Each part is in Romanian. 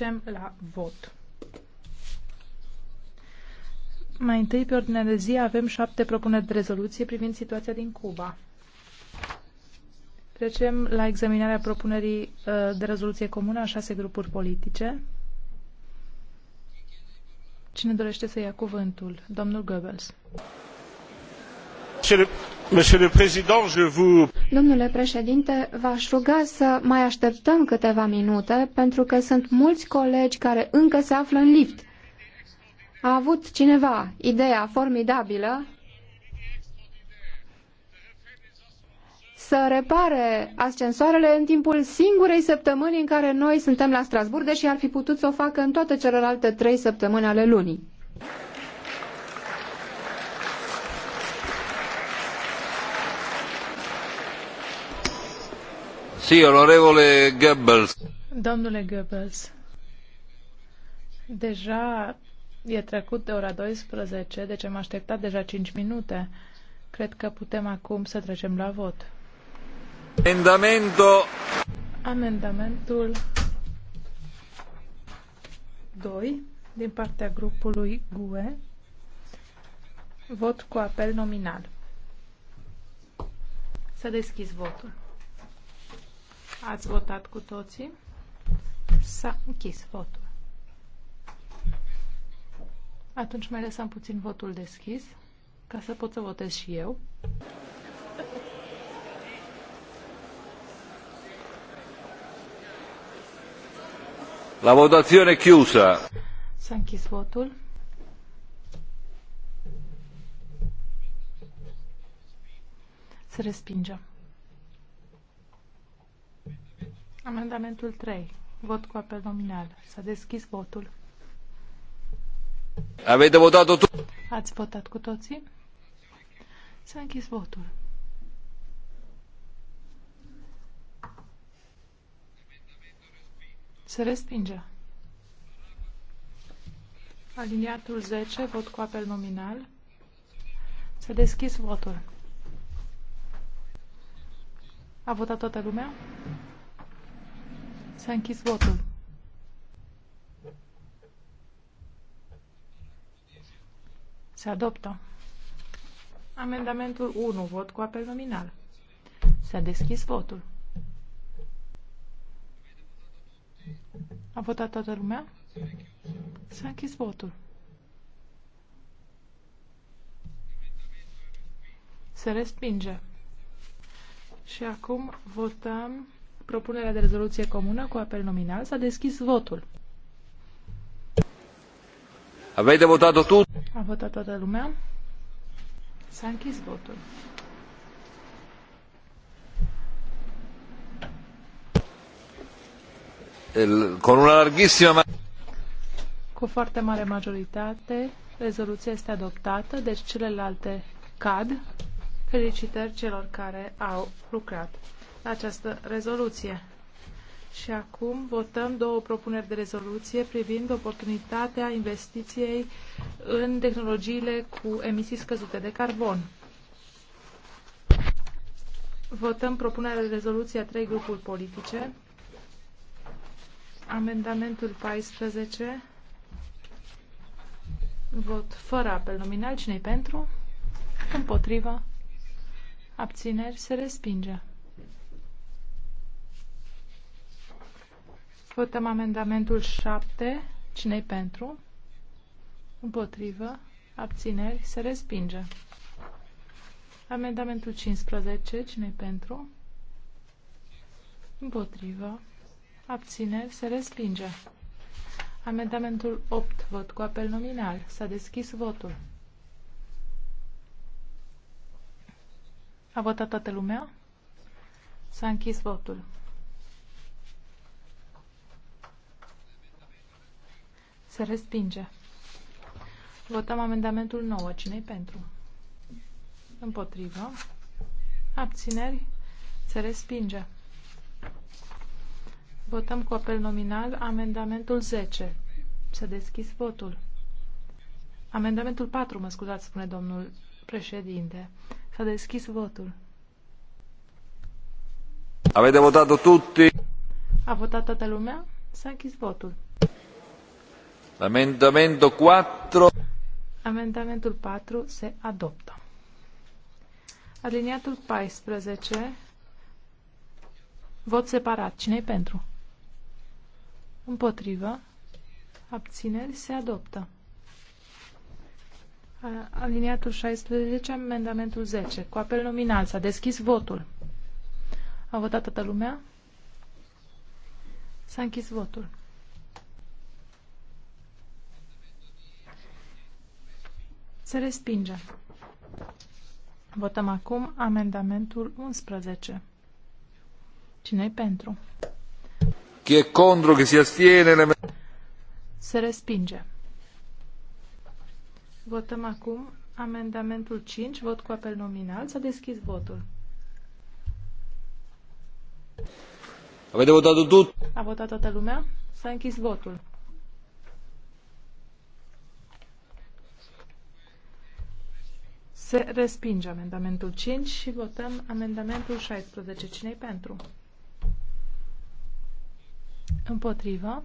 trecem la vot. Mai întâi, pe ordinea de zi, avem șapte propuneri de rezoluție privind situația din Cuba. Trecem la examinarea propunerii uh, de rezoluție comună a șase grupuri politice. Cine dorește să ia cuvântul? Domnul Goebbels. Domnule președinte, v-aș ruga să mai așteptăm câteva minute, pentru că sunt mulți colegi care încă se află în lift. A avut cineva ideea formidabilă să repare ascensoarele în timpul singurei săptămâni în care noi suntem la Strasbourg, deși ar fi putut să o facă în toate celelalte trei săptămâni ale lunii. Domnule Goebbels, deja e trecut de ora 12, deci am așteptat deja 5 minute. Cred că putem acum să trecem la vot. Amendamento. Amendamentul 2 din partea grupului GUE. Vot cu apel nominal. Să deschis votul. Ați votat cu toții? S-a închis votul. Atunci mai lăsăm puțin votul deschis ca să pot să votez și eu. La votazione chiusa. S-a închis votul. Se respinge. Amendamentul 3. Vot cu apel nominal. S-a deschis votul. Avete votat totul? Ați votat cu toții? S-a închis votul. Se respinge. Aliniatul 10, vot cu apel nominal. S-a deschis votul. A votat toată lumea? S-a închis votul. Se adoptă. Amendamentul 1. Vot cu apel nominal. S-a deschis votul. A votat toată lumea? S-a închis votul. Se respinge. Și acum votăm propunerea de rezoluție comună cu apel nominal. S-a deschis votul. de votat tu? A votat toată lumea. S-a închis votul. El, con una larghissima cu foarte mare majoritate, rezoluția este adoptată, deci celelalte cad. Felicitări celor care au lucrat această rezoluție. Și acum votăm două propuneri de rezoluție privind oportunitatea investiției în tehnologiile cu emisii scăzute de carbon. Votăm propunerea de rezoluție a trei grupuri politice. Amendamentul 14. Vot fără apel nominal. cine pentru? Împotriva? Abțineri? Se respinge. Votăm amendamentul 7. cine pentru? Împotrivă. Abțineri. Se respinge. Amendamentul 15. cine pentru? Împotrivă. Abțineri. Se respinge. Amendamentul 8. Vot cu apel nominal. S-a deschis votul. A votat toată lumea? S-a închis votul. Se respinge. Votăm amendamentul 9. cine pentru? Împotrivă. Abțineri. Se respinge. Votăm cu apel nominal amendamentul 10. să deschis votul. Amendamentul 4, mă scuzați, spune domnul președinte. S-a deschis votul. Avete votat tutti? A votat toată lumea? S-a închis votul. Amendamentul 4. Amendamentul 4 se adoptă. Aliniatul 14. Vot separat. cine pentru? Împotrivă. Abțineri se adoptă. Aliniatul 16, amendamentul 10. Cu apel nominal s-a deschis votul. A votat toată lumea? S-a închis votul. Se respinge. Votăm acum amendamentul 11. cine e pentru? Chi e contro, chi si astiene? Se respinge. Votăm acum amendamentul 5, vot cu apel nominal. S-a deschis votul. Avete votat tot? A votat toată lumea? S-a închis votul. Se respinge amendamentul 5 și votăm amendamentul 16. Cine-i pentru? Împotrivă.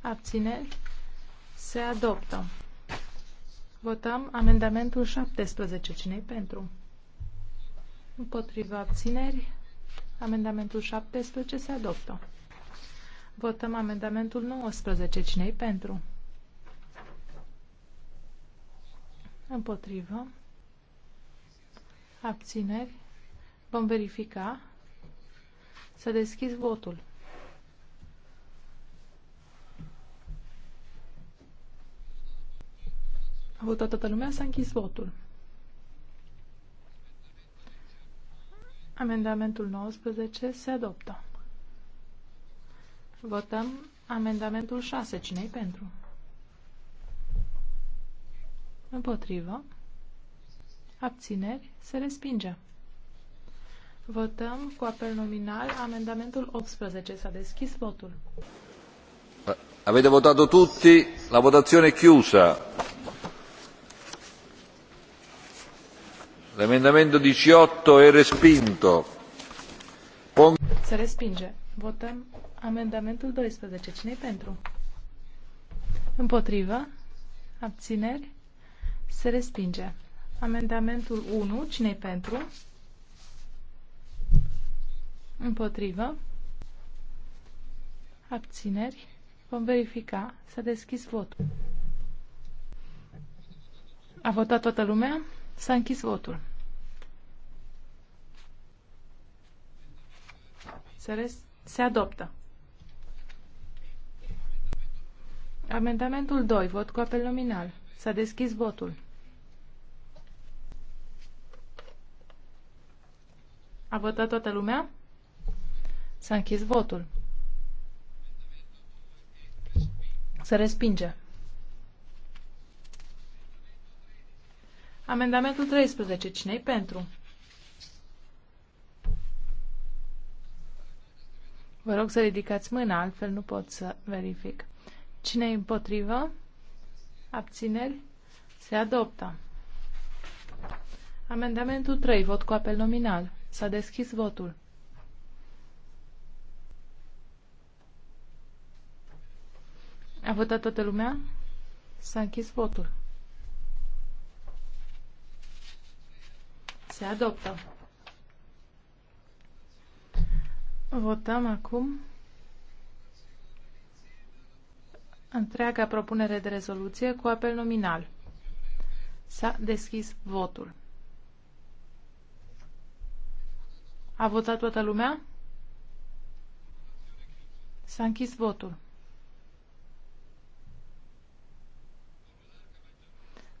Abțineri. Se adoptă. Votăm amendamentul 17. Cine-i pentru? Împotrivă. Abțineri. Amendamentul 17 se adoptă. Votăm amendamentul 19. Cine-i pentru? Împotrivă. Abțineri. Vom verifica. Să deschizi votul. A votat toată lumea, s-a închis votul. Amendamentul 19 se adoptă. Votăm amendamentul 6. Cine-i pentru? Împotrivă. Abțineri. Se respinge. Votăm cu apel nominal amendamentul 18. S-a deschis votul. Avete votato tutti? La votazione è chiusa. L'emendamento 18 è respinto. Pon... Se respinge. Votăm amendamentul 12. Cine-i pentru? Împotrivă? Abțineri? Se respinge. Amendamentul 1. cine pentru? Împotrivă. Abțineri. Vom verifica. S-a deschis votul. A votat toată lumea? S-a închis votul. Se adoptă. Amendamentul 2. Vot cu apel nominal. S-a deschis votul. A votat toată lumea? S-a închis votul. Se respinge. Amendamentul 13. Cine-i pentru? Vă rog să ridicați mâna, altfel nu pot să verific. Cine e împotrivă? Abțineri? Se adoptă. Amendamentul 3. Vot cu apel nominal. S-a deschis votul. A votat toată lumea? S-a închis votul. Se adoptă. Votăm acum întreaga propunere de rezoluție cu apel nominal. S-a deschis votul. A votat toată lumea? S-a închis votul.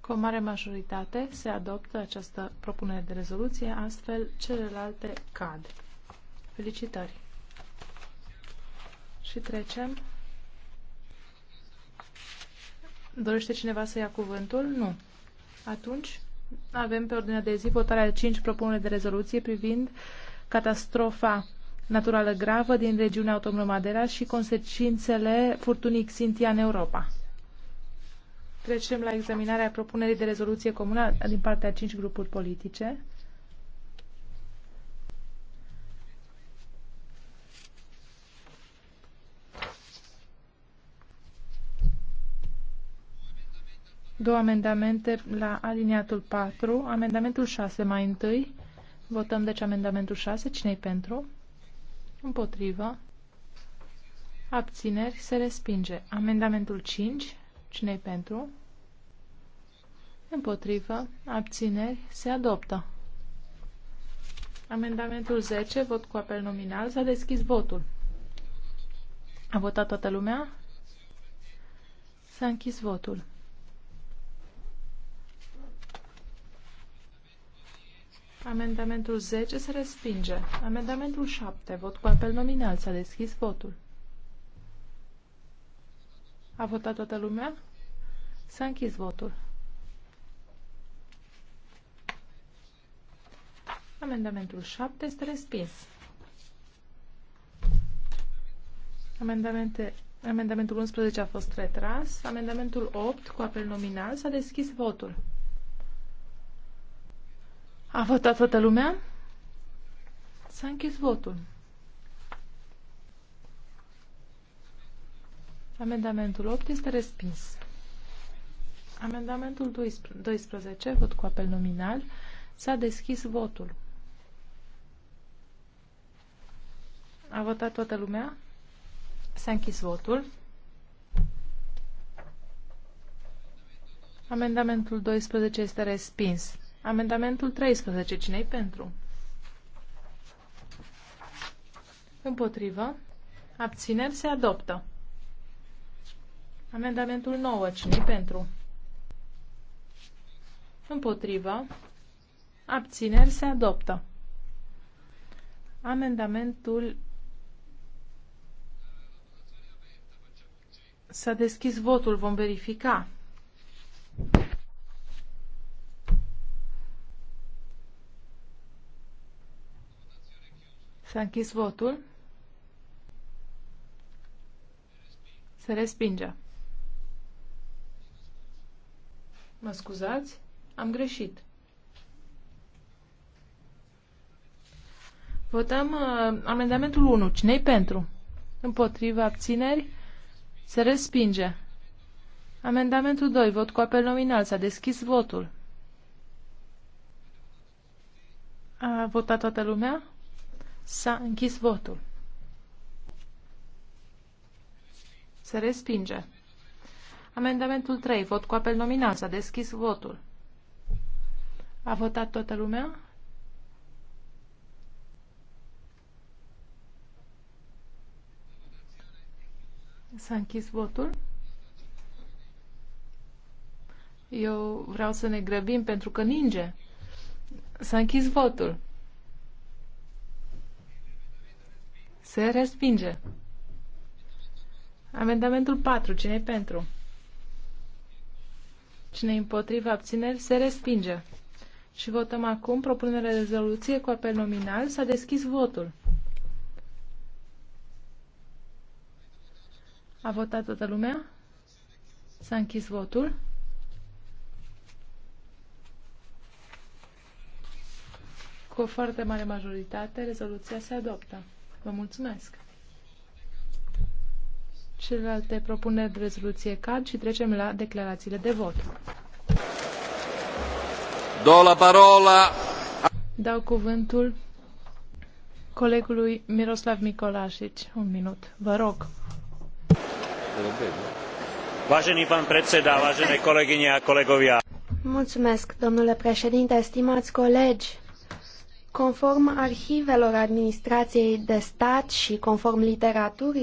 Cu o mare majoritate se adoptă această propunere de rezoluție, astfel celelalte cad. Felicitări! Și trecem. Dorește cineva să ia cuvântul? Nu. Atunci avem pe ordinea de zi votarea de 5 propuneri de rezoluție privind uh, catastrofa naturală gravă din regiunea autonomă Madeira și consecințele furtunii Xintia în Europa. Trecem la examinarea propunerii de rezoluție comună din partea a cinci grupuri politice. Două amendamente la aliniatul 4, amendamentul 6 mai întâi, Votăm deci amendamentul 6. Cine-i pentru? Împotrivă. Abțineri. Se respinge. Amendamentul 5. Cine-i pentru? Împotrivă. Abțineri. Se adoptă. Amendamentul 10. Vot cu apel nominal. S-a deschis votul. A votat toată lumea? S-a închis votul. Amendamentul 10 se respinge. Amendamentul 7. Vot cu apel nominal. S-a deschis votul. A votat toată lumea? S-a închis votul. Amendamentul 7 este respins. Amendamente, amendamentul 11 a fost retras. Amendamentul 8 cu apel nominal s-a deschis votul. A votat toată lumea? S-a închis votul. Amendamentul 8 este respins. Amendamentul 12, vot cu apel nominal, s-a deschis votul. A votat toată lumea? S-a închis votul. Amendamentul 12 este respins. Amendamentul 13. Cine-i pentru? Împotrivă. Abțineri se adoptă. Amendamentul 9. cine pentru? Împotrivă. Abțineri se adoptă. Amendamentul S-a deschis votul, vom verifica. S-a închis votul. Se respinge. Mă scuzați? Am greșit. Votăm uh, amendamentul 1. Cine-i pentru? Împotriva abțineri? Se respinge. Amendamentul 2. Vot cu apel nominal. S-a deschis votul. A votat toată lumea? S-a închis votul. Se respinge. Amendamentul 3. Vot cu apel nominal. S-a deschis votul. A votat toată lumea? S-a închis votul. Eu vreau să ne grăbim pentru că ninge. S-a închis votul. Se respinge. Amendamentul 4. cine pentru? cine împotriva abțineri? Se respinge. Și votăm acum propunerea de rezoluție cu apel nominal. S-a deschis votul. A votat toată lumea? S-a închis votul. Cu o foarte mare majoritate, rezoluția se adoptă. Vă mulțumesc! Celelalte propuneri de rezoluție cad și trecem la declarațiile de vot. Do la parola. Dau cuvântul colegului Miroslav Mikolașic. Un minut, vă rog. Vážený pán predseda, vážené kolegyne a kolegovia. Mulțumesc, domnule președinte, stimați colegi. Conform arhivelor administrației de stat și conform literaturii